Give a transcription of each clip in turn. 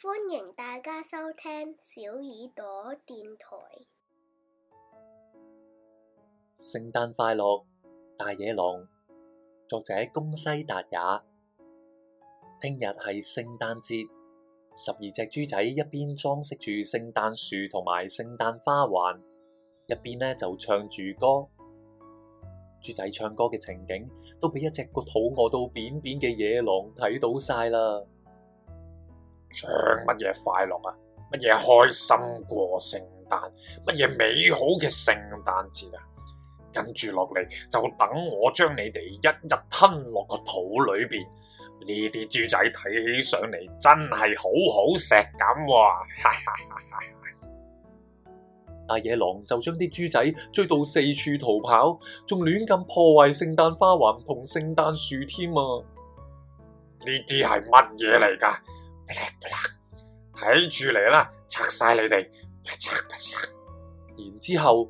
歡迎大家收聽小耳朵電台。聖誕快樂，大野狼。作者宮西達也。聽日係聖誕節，十二隻豬仔一邊裝飾住聖誕樹同埋聖誕花環，一邊呢就唱住歌。豬仔唱歌嘅情景都俾一隻個肚餓到扁扁嘅野狼睇到晒啦。唱乜嘢快樂啊？乜嘢開心過聖誕？乜嘢美好嘅聖誕節啊？跟住落嚟就等我將你哋一日吞落個肚裏邊。呢啲豬仔睇起上嚟真係好好食咁哇！大 野狼就將啲豬仔追到四處逃跑，仲亂咁破壞聖誕花環同聖誕樹添啊！呢啲係乜嘢嚟噶？睇住嚟啦，拆晒你哋，啪嚓啪嚓，然之後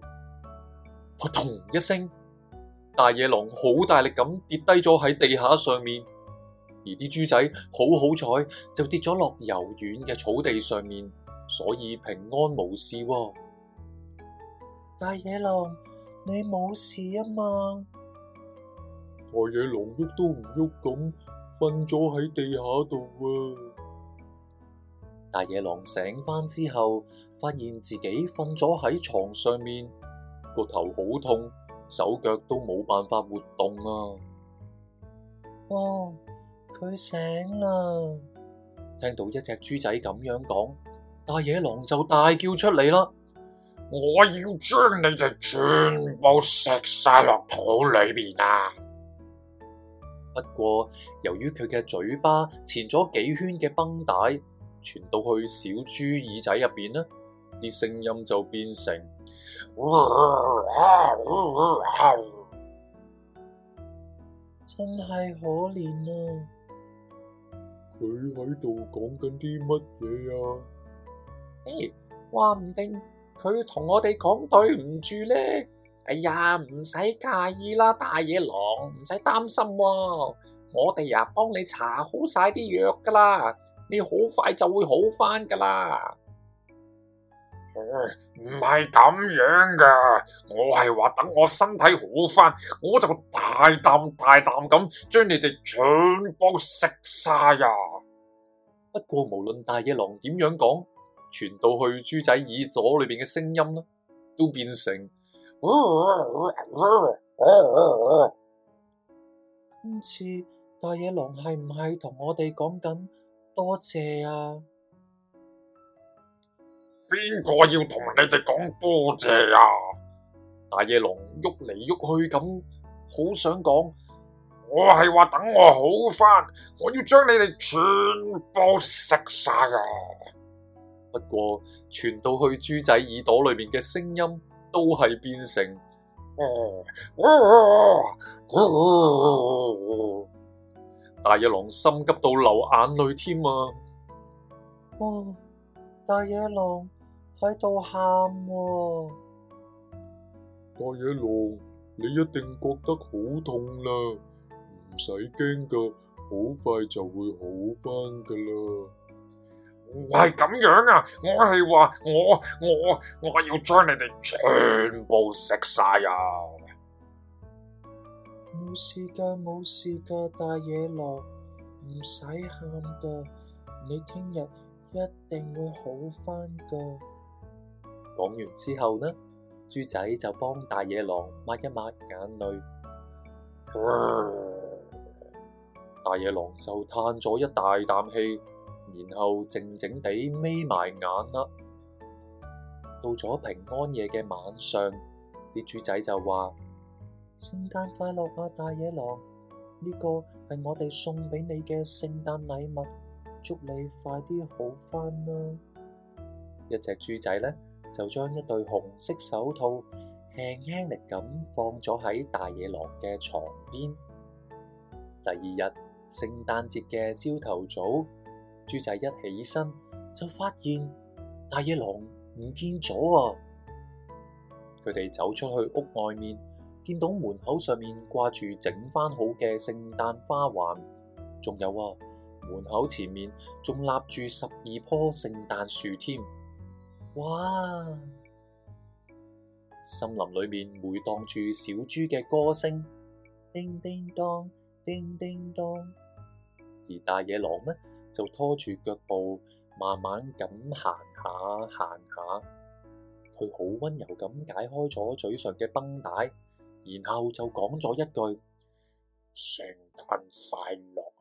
撲通一聲，大野狼好大力咁跌低咗喺地下上面，而啲豬仔好好彩就跌咗落柔軟嘅草地上面，所以平安無事，哦。大野狼，你冇事啊嘛？大野狼喐都唔喐咁瞓咗喺地下度啊！大野狼醒翻之後，發現自己瞓咗喺床上面，個頭好痛，手腳都冇辦法活動啊！哦，佢醒啦！聽到一隻豬仔咁樣講，大野狼就大叫出嚟啦！我要將你哋全部食晒落肚裏邊啊！不過由於佢嘅嘴巴纏咗幾圈嘅繃帶。傳到去小豬耳仔入邊咧，啲聲音就變成，真係可憐啊！佢喺度講緊啲乜嘢啊？誒、欸，話唔定佢同我哋講對唔住咧。哎呀，唔使介意啦，大野狼唔使擔心、啊，我哋呀幫你搽好晒啲藥噶啦。你好快就會好翻噶啦！唔係咁樣噶，我係話等我身體好翻，我就大啖大啖咁將你哋全部食晒啊！不過無論大野狼點樣講，傳到去豬仔耳朵裏邊嘅聲音咧，都變成今次大野狼係唔係同我哋講緊？多謝啊！邊個要同你哋講多謝啊？大野狼喐嚟喐去咁，好想講，我係話等我好返，我要將你哋全部食晒啊！不過傳到去豬仔耳朵裏面嘅聲音，都係變成，哦、啊！嗚嗚嗚嗚大野狼心急到流眼淚添啊！哇，大野狼喺度喊，啊、大野狼你一定覺得好痛啦，唔使驚㗎，好快就會好返㗎啦。唔係咁樣啊，我係話我我我要將你哋全部食晒啊！冇事噶，冇事噶，大野狼唔使喊噶，你聽日一定會好翻噶。講完之後呢，豬仔就幫大野狼抹一抹眼淚， 大野狼就嘆咗一大啖氣，然後靜靜地眯埋眼啦。到咗平安夜嘅晚上，啲豬仔就話。聖誕快樂啊，大野狼！呢個係我哋送俾你嘅聖誕禮物，祝你快啲好翻啦。一隻豬仔呢，就將一對紅色手套輕輕力咁放咗喺大野狼嘅床邊。第二日聖誕節嘅朝頭早，豬仔一起身就發現大野狼唔見咗啊！佢哋走出去屋外面。見到門口上面掛住整翻好嘅聖誕花環，仲有啊，門口前面仲立住十二棵聖誕樹添。哇！森林裏面回蕩住小豬嘅歌聲，叮叮當，叮叮當。而大野狼呢就拖住腳步，慢慢咁行下行下。佢好溫柔咁解開咗嘴上嘅繃帶，然後就講咗一句聖誕快樂。